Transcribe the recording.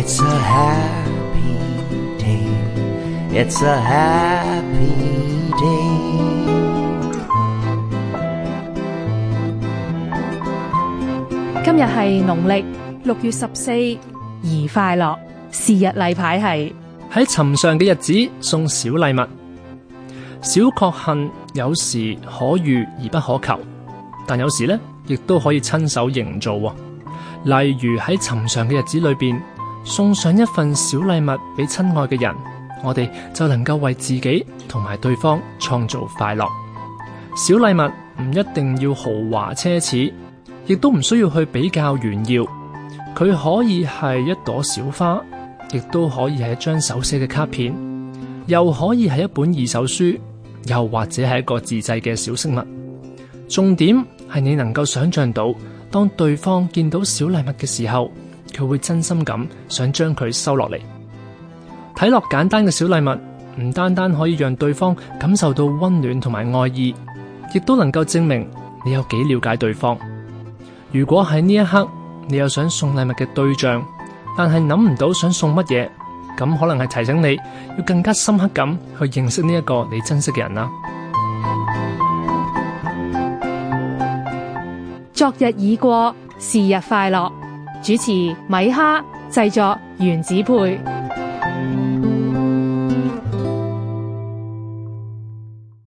It's a happy day. It's a happy day. 今日係農曆六月十四，而快樂，事日是日例牌係喺尋常嘅日子送小禮物。小確幸有時可遇而不可求，但有時呢亦都可以親手營造。例如喺尋常嘅日子裏邊。送上一份小禮物俾親愛嘅人，我哋就能夠為自己同埋對方創造快樂。小禮物唔一定要豪華奢侈，亦都唔需要去比較炫耀。佢可以係一朵小花，亦都可以係一張手寫嘅卡片，又可以係一本二手書，又或者係一個自製嘅小飾物。重點係你能夠想象到，當對方見到小禮物嘅時候，佢會真心咁想將佢收落嚟。睇落簡單嘅小禮物，唔單單可以讓對方感受到溫暖同埋愛意，亦都能夠證明你有幾了解對方。如果喺呢一刻你有想送禮物嘅對象，但係諗唔到想送乜嘢，咁可能係提醒你要更加深刻咁去認識呢一個你珍惜嘅人啦。昨日已過，是日快樂。主持米哈，製作原子配。